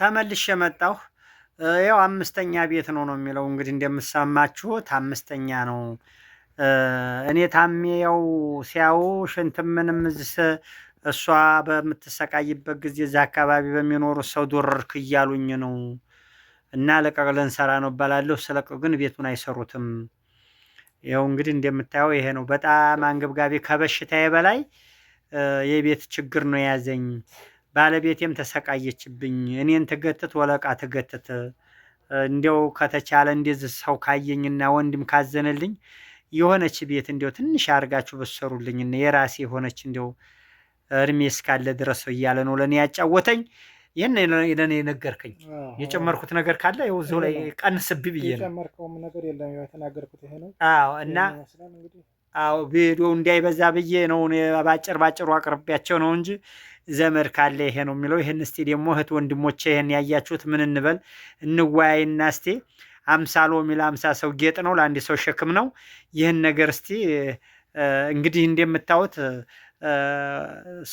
ተመልሼ መጣሁ። ያው አምስተኛ ቤት ነው ነው የሚለው እንግዲህ እንደምሰማችሁት አምስተኛ ነው። እኔ ታሜ ያው ሲያዩ ሽንት ምንም እሷ በምትሰቃይበት ጊዜ እዛ አካባቢ በሚኖሩ ሰው ዶርርክ እያሉኝ ነው እና ለቀቅ ልንሰራ ነው እባላለሁ። ስለቅ ግን ቤቱን አይሰሩትም። ያው እንግዲህ እንደምታየው ይሄ ነው። በጣም አንገብጋቢ ከበሽታዬ በላይ የቤት ችግር ነው የያዘኝ። ባለቤቴም ተሰቃየችብኝ። እኔን ትገትት ወለቃ ትገትት። እንዲያው ከተቻለ እንደዚህ ሰው ካየኝና ወንድም ካዘነልኝ የሆነች ቤት እንዲያው ትንሽ አድርጋችሁ እና የራሴ የሆነች እንዲያው እድሜ እስካለ ድረስ እያለ ነው ለእኔ ያጫወተኝ። ይህን ለእኔ ነገርከኝ። የጨመርኩት ነገር ካለ ይኸው እዚሁ ላይ ቀንስብኝ ብዬ ነው። አዎ እና አዎ ቪዲዮ እንዳይበዛ ብዬ ነው ባጭር ባጭሩ አቅርቢያቸው ነው እንጂ ዘመድ ካለ ይሄ ነው የሚለው። ይህን እስቲ ደግሞ እህት ወንድሞቼ ይህን ያያችሁት ምን እንበል እንወያይና እስቲ አምሳ ሎሚ ለአምሳ ሰው ጌጥ ነው፣ ለአንድ ሰው ሸክም ነው። ይህን ነገር እስቲ እንግዲህ እንደምታዩት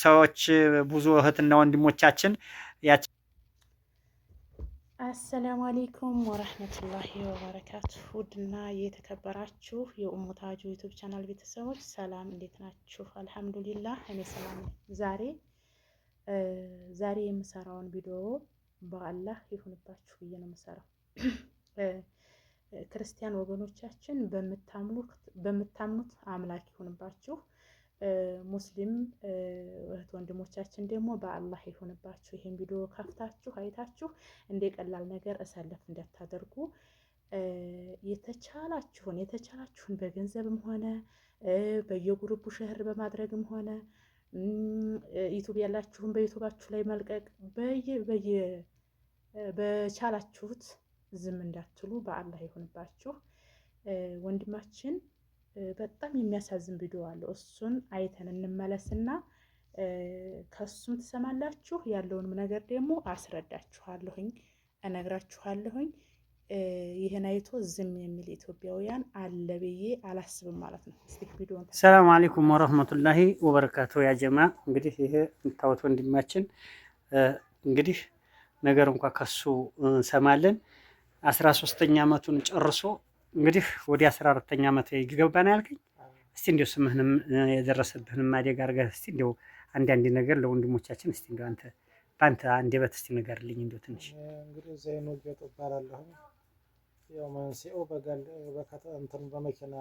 ሰዎች ብዙ እህትና ወንድሞቻችን አሰላሙ አሌይኩም ወረህመቱላሂ ወበረካቱ። ውድና የተከበራችሁ የኡሙታጁ ዩቱብ ቻናል ቤተሰቦች ሰላም፣ እንዴት ናችሁ? አልሐምዱሊላህ እኔ ሰላም። ዛሬ ዛሬ የምሰራውን ቪዲዮ በአላህ ይሁንባችሁ ብዬ ነው የምሰራው። ክርስቲያን ወገኖቻችን በምታምኑት አምላክ ይሁንባችሁ። ሙስሊም እህት ወንድሞቻችን ደግሞ በአላህ ይሁንባችሁ። ይህን ቪዲዮ ከፍታችሁ አይታችሁ እንደ ቀላል ነገር እሰለፍ እንዳታደርጉ የተቻላችሁን የተቻላችሁን በገንዘብም ሆነ በየጉሩቡ ሸህር በማድረግም ሆነ ዩቱብ ያላችሁን በዩቱባችሁ ላይ መልቀቅ በየ በየ በቻላችሁት ዝም እንዳትሉ በአላህ ይሁንባችሁ። ወንድማችን በጣም የሚያሳዝን ቪዲዮ አለው። እሱን አይተን እንመለስና ከሱም ትሰማላችሁ። ያለውንም ነገር ደግሞ አስረዳችኋለሁኝ፣ እነግራችኋለሁኝ። ይህን አይቶ ዝም የሚል ኢትዮጵያውያን አለ ብዬ አላስብም ማለት ነው። ሰላም አሌይኩም ወረህመቱላሂ ወበረካቱ። ያጀማ እንግዲህ ይሄ የምታወት ወንድማችን እንግዲህ ነገር እንኳ ከሱ እንሰማለን። አስራ ሶስተኛ ዓመቱን ጨርሶ እንግዲህ ወደ አስራ አራተኛ ዓመት ይገባና ያልከኝ እስቲ እንዲው ስምህንም የደረሰብህንም አደጋ አድርገህ እስቲ እንዲው አንዳንድ ነገር ለወንድሞቻችን እስቲ እንዲው አንተ በአንተ አንደበት እስቲ ንገርልኝ እንዲው ትንሽ እንግዲህ ያው መንስኤው በጋል በከተንተን በመኪና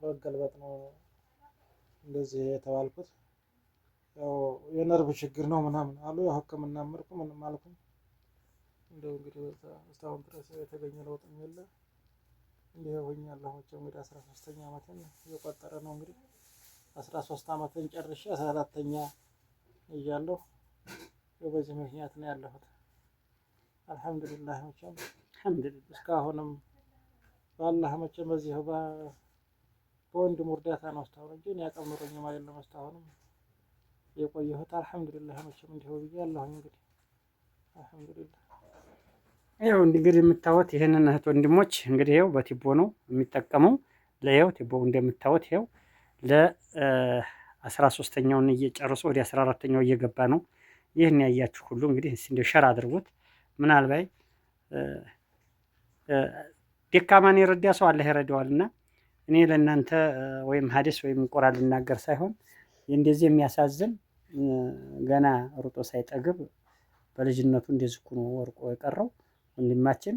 በመገልበጥ ነው እንደዚህ የተባልኩት። ያው የነርቭ ችግር ነው ምናምን አሉ። ያው ሕክምና ምርኩ ምንም አልኩም። እንደው እንግዲህ እስካሁን ድረስ የተገኘ ለውጥም የለ እንዲህ ሆኛለሁ። መቼም እንግዲህ አስራ ሶስተኛ ዓመትን እየቆጠረ ነው እንግዲህ አስራ ሶስት ዓመትን ጨርሼ አስራ አራተኛ እያለሁ በዚህ ምክንያት ነው ያለሁት። አልሐምዱሊላህ መቼም አልሐምዱሊላህ እስካሁንም በአላህ መቼም በዚህ በወንድሙ እርዳታ ነው እስካሁን እንጂ እኔ አቅም ኖሮኝም አይደለም እስካሁንም የቆየሁት። አልሐምዱሊላህ መቼም እንዲሁ ብዬ አለሁኝ። እንግዲህ አልሐምዱሊላህ ያው እንግዲህ የምታወት ይህንን እህት ወንድሞች እንግዲህ ይኸው በቲቦ ነው የሚጠቀመው። ለይኸው ቲቦ እንደምታወት ይኸው ለአስራ ሶስተኛውን እየጨርሶ ወደ አስራ አራተኛው እየገባ ነው። ይህን ያያችሁ ሁሉ እንግዲህ እንደው ሸር አድርጉት ምናልባት ደካማን የረዳ ሰው አላህ ይረዳዋል። እና እኔ ለእናንተ ወይም ሀዲስ ወይም ቁራን ልናገር ሳይሆን እንደዚህ የሚያሳዝን ገና ሩጦ ሳይጠግብ በልጅነቱ እንደዚህ ወርቆ የቀረው ወንድማችን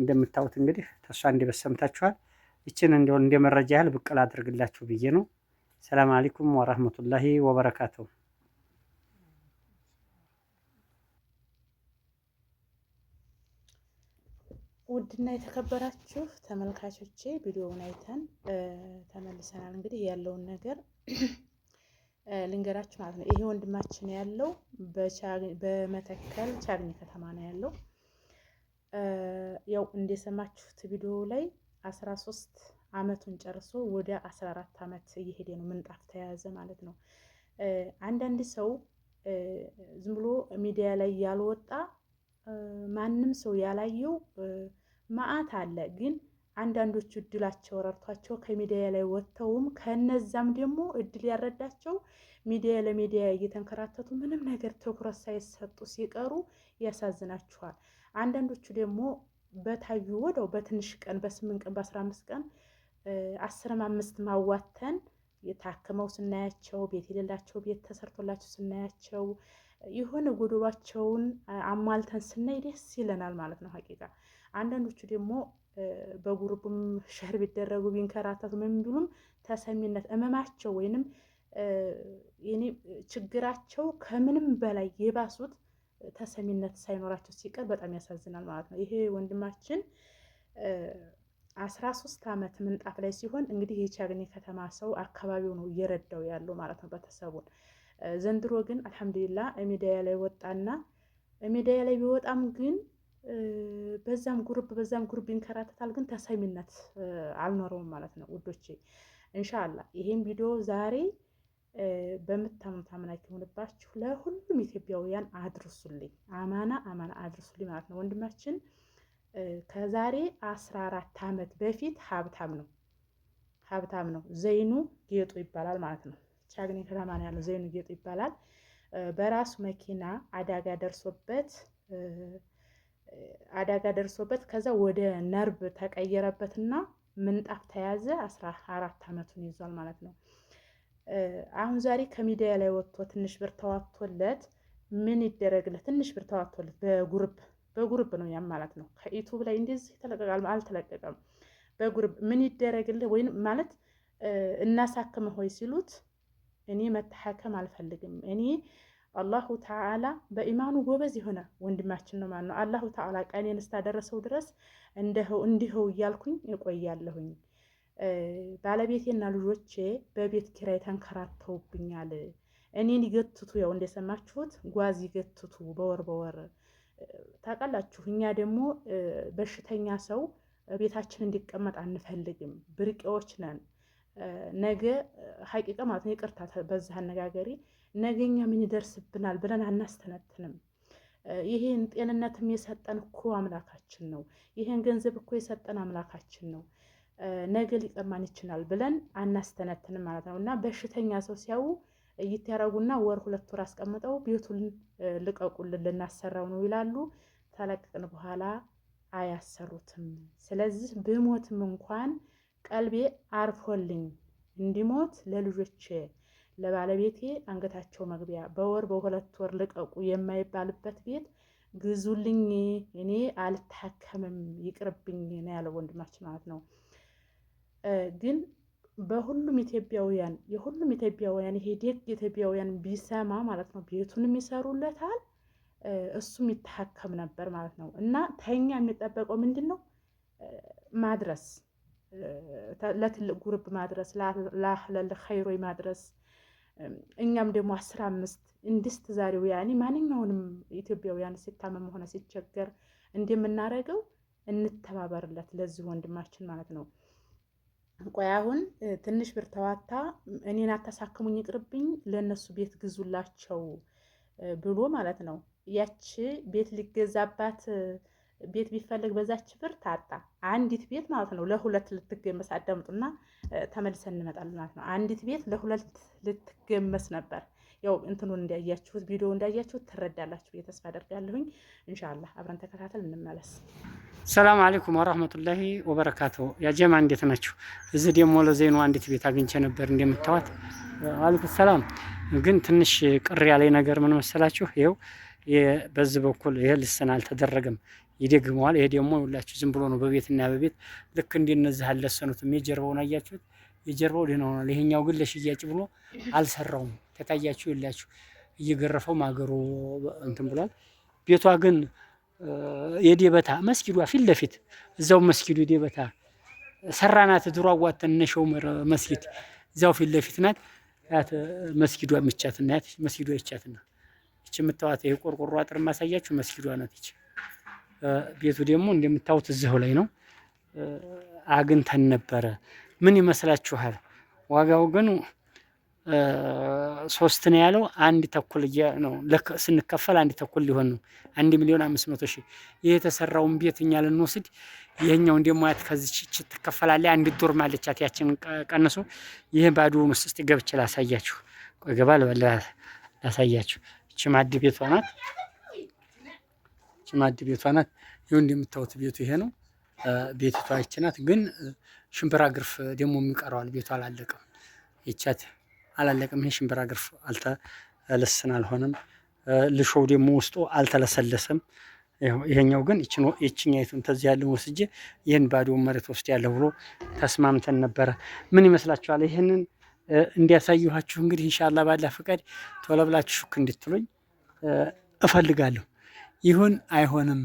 እንደምታዩት እንግዲህ ተሷ እንዲበሰምታችኋል። ይችን እንደ መረጃ ያህል ብቅል አድርግላችሁ ብዬ ነው። ሰላም አለይኩም ወራህመቱላሂ ወበረካቱሁ። ውድና የተከበራችሁ ተመልካቾቼ ቪዲዮውን አይተን ተመልሰናል። እንግዲህ ያለውን ነገር ልንገራችሁ ማለት ነው። ይሄ ወንድማችን ያለው በመተከል ቻግኒ ከተማ ነው ያለው። ያው እንደሰማችሁት ቪዲዮ ላይ 13 አመቱን ጨርሶ ወደ 14 አመት እየሄደ ነው። ምንጣፍ ተያያዘ ማለት ነው። አንዳንድ ሰው ዝም ብሎ ሚዲያ ላይ ያልወጣ ማንም ሰው ያላየው ማአት አለ። ግን አንዳንዶቹ እድላቸው ረድቷቸው ከሚዲያ ላይ ወጥተውም ከነዛም ደግሞ እድል ያረዳቸው ሚዲያ ለሚዲያ እየተንከራተቱ ምንም ነገር ትኩረት ሳይሰጡ ሲቀሩ ያሳዝናችኋል። አንዳንዶቹ ደግሞ በታዩ ወደው በትንሽ ቀን በስምንት ቀን በአስራ አምስት ቀን አስርም አምስት ማዋተን ታክመው ስናያቸው ቤት የሌላቸው ቤት ተሰርቶላቸው ስናያቸው የሆነ ጎዶሏቸውን አሟልተን ስናይ ደስ ይለናል ማለት ነው ሀቂቃ አንዳንዶቹ ደግሞ በጉሩፕም ሸር ቢደረጉ ቢንከራተቱ ምን ቢሉም ተሰሚነት እመማቸው ወይንም ችግራቸው ከምንም በላይ የባሱት ተሰሚነት ሳይኖራቸው ሲቀር በጣም ያሳዝናል ማለት ነው። ይሄ ወንድማችን አስራ ሶስት ዓመት ምንጣፍ ላይ ሲሆን እንግዲህ የቻግኒ ከተማ ሰው አካባቢው ነው እየረዳው ያለው ማለት ነው ቤተሰቡን። ዘንድሮ ግን አልሐምዱሊላ ሚዲያ ላይ ወጣና ሚዲያ ላይ ቢወጣም ግን በዛም ጉርብ በዛም ጉርብ ይንከራተታል፣ ግን ተሰሚነት አልኖረውም ማለት ነው ውዶቼ። እንሻላ ይሄን ቪዲዮ ዛሬ በምታምኑት አምናች ለሁሉም ኢትዮጵያውያን አድርሱልኝ፣ አማና አማና አድርሱልኝ ማለት ነው። ወንድማችን ከዛሬ አስራ አራት ዓመት በፊት ሀብታም ነው ሀብታም ነው። ዘይኑ ጌጡ ይባላል ማለት ነው። ቻግኒ ከተማ ነው ያለው። ዘይኑ ጌጡ ይባላል። በራሱ መኪና አደጋ ደርሶበት አደጋ ደርሶበት ከዛ ወደ ነርቭ ተቀየረበትና ምንጣፍ ተያዘ። አስራ አራት ዓመቱን ይዟል ማለት ነው። አሁን ዛሬ ከሚዲያ ላይ ወጥቶ ትንሽ ብር ተዋቶለት ምን ይደረግለት? ትንሽ ብር ተዋቶለት በጉርብ በጉርብ ነው ያም ማለት ነው። ከዩቱብ ላይ እንደዚህ ተለቀቃል አልተለቀቀም። በጉርብ ምን ይደረግልህ ወይም ማለት እናሳክመ ሆይ ሲሉት እኔ መታከም አልፈልግም እኔ አላሁ ተዓላ በኢማኑ ጎበዝ የሆነ ወንድማችን ነው ማለት ነው። አላሁ ተዓላ ቀኔን እስታደረሰው ድረስ እንዲኸው እያልኩኝ እቆያለሁኝ። ባለቤቴና ልጆቼ በቤት ኪራይ ተንከራተውብኛል። እኔን ይገትቱ፣ ያው እንደሰማችሁት ጓዝ ይገትቱ በወር በወር ታውቃላችሁ። እኛ ደግሞ በሽተኛ ሰው ቤታችን እንዲቀመጥ አንፈልግም። ብርቄዎች ነን። ነገ ሀቂቃ ማለት ነው። ይቅርታ በዚህ አነጋገሪ ነገኛ ምን ይደርስብናል ብለን አናስተነትንም። ይህን ጤንነትም የሰጠን እኮ አምላካችን ነው። ይህን ገንዘብ እኮ የሰጠን አምላካችን ነው። ነገ ሊቀማን ይችላል ብለን አናስተነትንም ማለት ነው። እና በሽተኛ ሰው ሲያዩ እይት ያደረጉና ወር ሁለት ወር አስቀምጠው ቤቱን ልቀቁልን ልናሰራው ነው ይላሉ። ተለቀቅን በኋላ አያሰሩትም። ስለዚህ ብሞትም እንኳን ቀልቤ አርፎልኝ እንዲሞት ለልጆቼ ለባለቤቴ አንገታቸው መግቢያ በወር በሁለት ወር ልቀቁ የማይባልበት ቤት ግዙልኝ፣ እኔ አልታከምም፣ ይቅርብኝ ነው ያለው ወንድማችን ማለት ነው። ግን በሁሉም ኢትዮጵያውያን የሁሉም ኢትዮጵያውያን ይሄ ደግ ኢትዮጵያውያን ቢሰማ ማለት ነው ቤቱንም ይሰሩለታል፣ እሱም ይታከም ነበር ማለት ነው። እና ተኛ የሚጠበቀው ምንድን ነው? ማድረስ ለትልቅ ጉርብ ማድረስ ለአህለል ኸይሮይ ማድረስ እኛም ደግሞ አስራ አምስት እንድስት ዛሬው ያኔ ማንኛውንም ኢትዮጵያውያን ሲታመም ሆነ ሲቸገር እንደምናደርገው እንተባበርለት ለዚህ ወንድማችን ማለት ነው። ቆይ አሁን ትንሽ ብር ተዋታ እኔን አታሳክሙኝ ይቅርብኝ፣ ለእነሱ ቤት ግዙላቸው ብሎ ማለት ነው ያቺ ቤት ሊገዛባት ቤት ቢፈለግ በዛች ብር ታጣ አንዲት ቤት ማለት ነው ለሁለት ልትገመስ አዳምጡና ተመልሰን እንመጣለን ማለት ነው። አንዲት ቤት ለሁለት ልትገመስ ነበር። ያው እንትኑን እንዳያችሁት ቪዲዮ እንዳያችሁት ትረዳላችሁ ብዬ ተስፋ አደርጋለሁኝ። እንሻላ አብረን ተከታተል እንመለስ። ሰላም አለይኩም ወራህመቱላሂ ወበረካቱ። ያጀማ እንዴት ናችሁ? እዚህ ደግሞ ለዜኑ አንዲት ቤት አግኝቼ ነበር እንደምታዋት። አለይኩም ሰላም። ግን ትንሽ ቅር ያለኝ ነገር ምን መሰላችሁ? ይኸው በዚህ በኩል ይህ ልስን አልተደረገም ይደግመዋል። ይሄ ደግሞ ሁላችሁ ዝም ብሎ ነው በቤትና በቤት ልክ እንደነዚህ አለሰኑትም። የጀርባውን አያችሁት? የጀርባው ደህና ሆኗል። ይሄኛው ግን ለሽያጭ ብሎ አልሰራውም። ከታያችሁ የላችሁ እየገረፈው ማገሮ እንትን ብሏል። ቤቷ ግን የዴበታ መስጊዷ ፊት ለፊት እዛው መስጊዱ የዴበታ ሰራናት ድሮ አዋተን እነ መስጊድ እዛው ፊት ለፊት ናት። ያት መስጊዷ ምቻትና ያት መስጊዷ ይቻትና ይች የምታዋት ይሄ ቆርቆሮ አጥር ማሳያችሁ መስጊዷ ናት ይች ቤቱ ደግሞ እንደምታዩት እዚሁ ላይ ነው አግኝተን ነበረ። ምን ይመስላችኋል? ዋጋው ግን ሶስት ነው ያለው። አንድ ተኩል ነው ስንከፈል አንድ ተኩል ሊሆን ነው። አንድ ሚሊዮን አምስት መቶ ሺህ ይህ የተሰራውን ቤት እኛ ልንወስድ ይህኛው እንደማያት ከዚች ትከፈላለች። አንድ ዶር ማለቻት ያችን ቀንሶ ይህ ባዶውን ውስጥ ገብቼ ላሳያችሁ። ገባ ላሳያችሁ። እቺ ማድ ቤቷ ናት። ይች ማድ ቤቷ ናት። ይኸው እንደምታዩት ቤቱ ይሄ ነው። ቤቷ ይች ናት። ግን ሽምብራ ግርፍ ደግሞ የሚቀረዋል። ቤቱ አላለቀም። ይቻት አላለቀም። ይሄ ሽምብራ ግርፍ አልተለስን አልሆነም። ልሾው ደግሞ ውስጡ አልተለሰለሰም። ይሄኛው ግን ይችኛይቱን ተዚህ ያለውን ወስጄ ይህን ባዶውን መሬት ውስጥ ያለ ብሎ ተስማምተን ነበረ። ምን ይመስላችኋል? ይህንን እንዲያሳየኋችሁ እንግዲህ እንሻላ ባላ ፈቃድ ቶሎ ብላችሁ ሹክ እንድትሉኝ እፈልጋለሁ። ይሁን አይሆንም።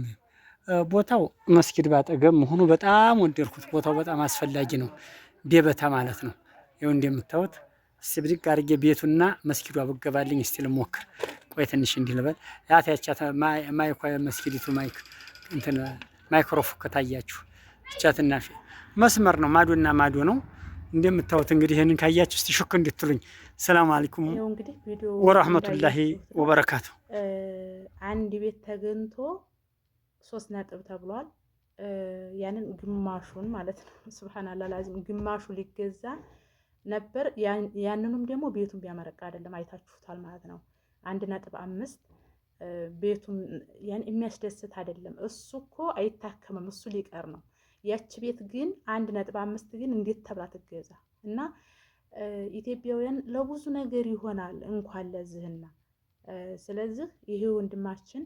ቦታው መስጊድ ባጠገብ መሆኑ በጣም ወደድኩት። ቦታው በጣም አስፈላጊ ነው፣ ቤበታ ማለት ነው። ይኸው እንደምታዩት ስብድቅ አድርጌ ቤቱና መስጊዱ አበገባልኝ። እስቲ ልሞክር፣ ቆይ ትንሽ እንዲህ ልበል። ያታቻ ማይኳ መስጊዲቱ ማይክሮፎ ከታያችሁ ብቻ መስመር ነው፣ ማዶና ማዶ ነው። እንደምታዩት እንግዲህ ይህንን ካያችሁ እስቲ ሹክ እንድትሉኝ። ሰላም አለይኩም ወራህመቱላሂ ወበረካቱ። አንድ ቤት ተገንቶ ሶስት ነጥብ ተብሏል። ያንን ግማሹን ማለት ነው። ስብሓናላ ላዚም ግማሹ ሊገዛ ነበር። ያንኑም ደግሞ ቤቱን ቢያመረቃ አይደለም አይታችሁታል ማለት ነው። አንድ ነጥብ አምስት ቤቱም ያን የሚያስደስት አይደለም። እሱ እኮ አይታከምም፣ እሱ ሊቀር ነው። ያቺ ቤት ግን አንድ ነጥብ አምስት ግን እንዴት ተብላ ትገዛ? እና ኢትዮጵያውያን ለብዙ ነገር ይሆናል እንኳን ለዚህና ስለዚህ ይሄ ወንድማችን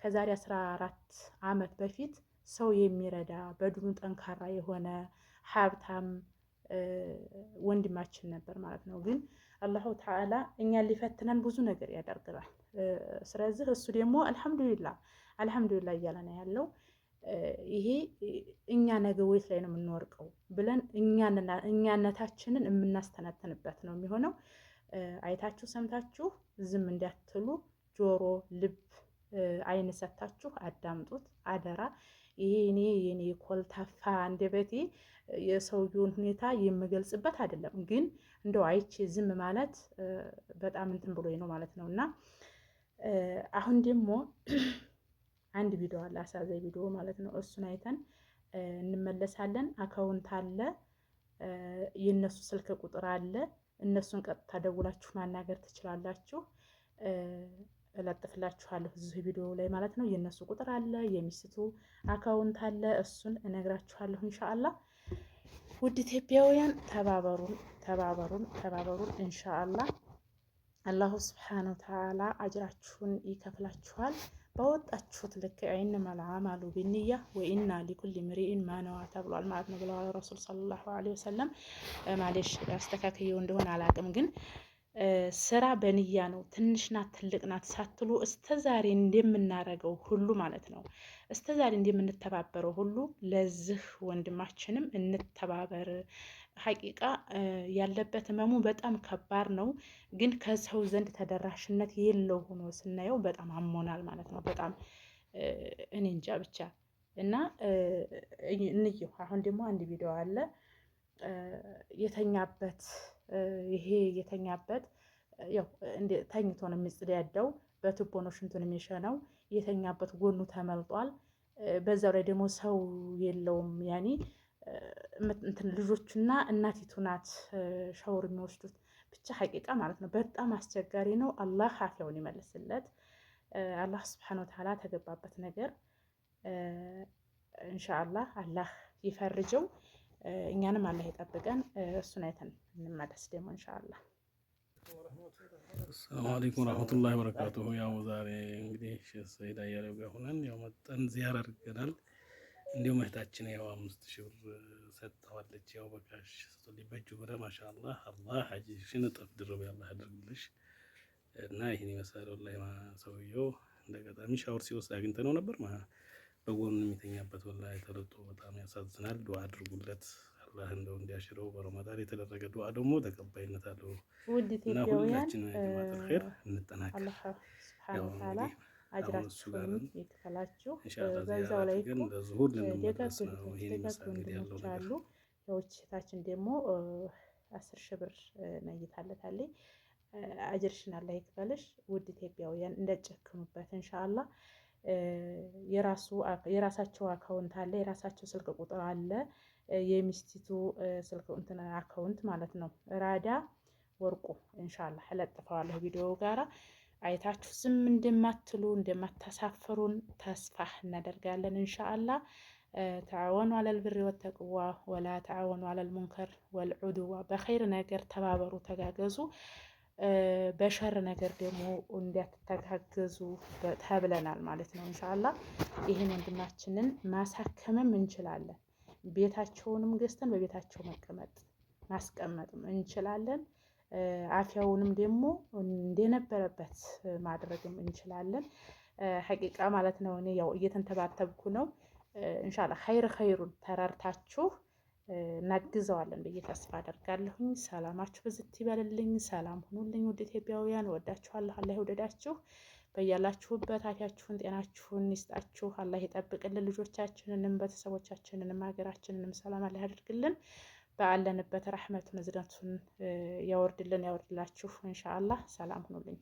ከዛሬ 14 ዓመት በፊት ሰው የሚረዳ በዱኑ ጠንካራ የሆነ ሀብታም ወንድማችን ነበር ማለት ነው። ግን አላሁ ተዓላ እኛን ሊፈትነን ብዙ ነገር ያደርግናል። ስለዚህ እሱ ደግሞ አልሐምዱሊላ አልሐምዱሊላ እያለ ነው ያለው። ይሄ እኛ ነገ ወዴት ላይ ነው የምንወርቀው ብለን እኛነታችንን የምናስተናትንበት ነው የሚሆነው። አይታችሁ ሰምታችሁ ዝም እንዳትሉ ጆሮ፣ ልብ፣ አይን ሰታችሁ አዳምጡት አደራ። ይሄ እኔ የኔ ኮልታፋ አንደበቴ የሰውየውን ሁኔታ የምገልጽበት አይደለም፣ ግን እንደው አይቼ ዝም ማለት በጣም እንትን ብሎ ነው ማለት ነው። እና አሁን ደግሞ አንድ ቪዲዮ አለ፣ አሳዛኝ ቪዲዮ ማለት ነው። እሱን አይተን እንመለሳለን። አካውንት አለ፣ የእነሱ ስልክ ቁጥር አለ እነሱን ቀጥታ ደውላችሁ ማናገር ትችላላችሁ። እለጥፍላችኋለሁ እዚህ ቪዲዮ ላይ ማለት ነው። የእነሱ ቁጥር አለ፣ የሚስቱ አካውንት አለ። እሱን እነግራችኋለሁ እንሻአላ። ውድ ኢትዮጵያውያን ተባበሩን፣ ተባበሩን፣ ተባበሩን እንሻአላ። አላሁ ስብሓነሁ ተዓላ አጅራችሁን ይከፍላችኋል። ባወጣችሁት ልክ ኢንነማል አዕማሉ ቢንያ ወኢና ሊኩል ምሪኢን ማነዋ ተብሏል ማለት ነው ብለዋል ረሱል ሰለላሁ ዐለይሂ ወሰለም። ማለሽ አስተካክየው እንደሆነ አላቅም ግን ስራ በንያ ነው። ትንሽ ናት ትልቅ ናት ሳትሉ እስከ ዛሬ እንደምናረገው ሁሉ ማለት ነው፣ እስከ እንደምንተባበረው ሁሉ ለዚህ ወንድማችንም እንተባበር ሀቂቃ ያለበት ህመሙ በጣም ከባድ ነው፣ ግን ከሰው ዘንድ ተደራሽነት የለው ሆኖ ስናየው በጣም አሞናል ማለት ነው። በጣም እኔ እንጃ ብቻ እና እንየው። አሁን ደግሞ አንድ ቪዲዮ አለ የተኛበት ይሄ የተኛበት ያው ተኝቶ ነው የሚጽዳዳው፣ በቱቦ ነው ሽንቱን የሚሸነው። የተኛበት ጎኑ ተመልጧል። በዛው ላይ ደግሞ ሰው የለውም ያኔ ልጆቹና እናቲቱ ናት ሻወር የሚወስዱት። ብቻ ሐቂቃ ማለት ነው በጣም አስቸጋሪ ነው። አላህ ሀፊያውን ይመልስለት። አላህ ስብሓን ወተዓላ ተገባበት ነገር እንሻአላህ አላህ ይፈርጀው። እኛንም አላህ ይጠብቀን። እሱን አይተን እንመለስ ደግሞ እንሻአላህ። አሰላሙ አለይኩም ረህመቱላሂ ወበረካቱሁ። ያው ዛሬ እንግዲህ ሰይድ አያሌው ጋር ሆነን ያው መጠን ዚያር አድርገናል። እንዲሁም እህታችን ያው አምስት ሺህ ብር ሰጥተዋለች። ያው በካሽ ስቶሊ በእጅ ብረ ማሻአላ አላህ ሀጂሽን እጥፍ ድርብ ያለ አድርግልሽ እና ይህን የመሰለው ላይ ሰውየው እንደ አጋጣሚ ሻወር ሲወስድ ነው ነበር። በጎኑ የሚተኛበት ወላ የተለጦ በጣም ያሳዝናል። ዱዓ አድርጉለት አላህ እንደው እንዲያሽረው። በረመዳን የተደረገ ዱዓ ደግሞ ተቀባይነት አለው እና ሁላችን ጀማዓተል ኸይር ወተዓላ አጅራችሁንም ይክፈላችሁ። በዛው ላይ ደጋግ ወንድሞች አሉ። የውችታችን ደግሞ አስር ሺህ ብር ነይታለታለኝ። አጅርሽን አላህ ይክፈልሽ። ውድ ኢትዮጵያውያን እንደጨክኑበት እንሻአላ የራሳቸው አካውንት አለ፣ የራሳቸው ስልክ ቁጥር አለ። የሚስቲቱ ስልክ እንትን አካውንት ማለት ነው። ራዳ ወርቁ እንሻላ እለጥፈዋለሁ ቪዲዮ ጋራ አይታችሁ ዝም እንደማትሉ እንደማታሳፍሩን ተስፋ እናደርጋለን። እንሻአላ ተዓወኑ አለል ብሪ ወተቅዋ ወላ ተዓወኑ አለል ሙንከር ወልዑድዋ። በኸይር ነገር ተባበሩ፣ ተጋገዙ። በሸር ነገር ደግሞ እንዲያትተጋገዙ ተብለናል ማለት ነው። እንሻአላ ይህን ወንድማችንን ማሳከምም እንችላለን። ቤታቸውንም ገዝተን በቤታቸው መቀመጥ ማስቀመጥም እንችላለን። አፍያውንም ደግሞ እንደነበረበት ማድረግም እንችላለን። ሀቂቃ ማለት ነው። እኔ ያው እየተንተባተብኩ ነው። እንሻላ ኸይር ኸይሩን ተረርታችሁ እናግዘዋለን ብዬ ተስፋ አደርጋለሁኝ። ሰላማችሁ ብዝት ይበልልኝ። ሰላም ሁኑልኝ። ውድ ኢትዮጵያውያን ወዳችኋለሁ። አላህ ይውደዳችሁ። በያላችሁበት አፊያችሁን ጤናችሁን ይስጣችሁ። አላህ ይጠብቅልን። ልጆቻችንንም ቤተሰቦቻችንንም ሀገራችንንም ሰላም አላህ ያደርግልን። በአለንበት ረህመት መዝነቱን ያወርድልን ያወርድላችሁ። እንሻአላህ ሰላም ሁኑልኝ።